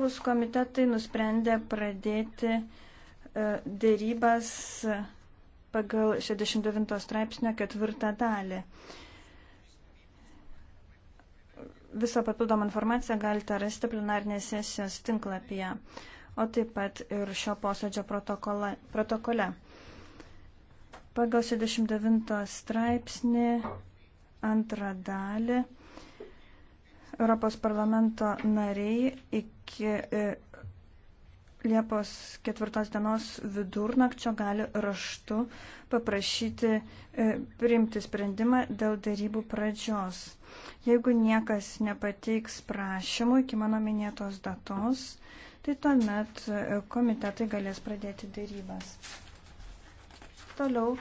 įvairūs komitetai nusprendė pradėti e, dėrybas pagal 69 straipsnio ketvirtą dalį. Visą papildomą informaciją galite rasti plenarnės sesijos tinklapyje, o taip pat ir šio posėdžio protokole. Pagal 69 straipsnį antrą dalį. Europos parlamento nariai iki e, Liepos ketvirtos dienos vidurnakčio gali raštu paprašyti e, priimti sprendimą dėl darybų pradžios. Jeigu niekas nepateiks prašymų iki mano minėtos datos, tai tuomet e, komitetai galės pradėti darybas. Toliau.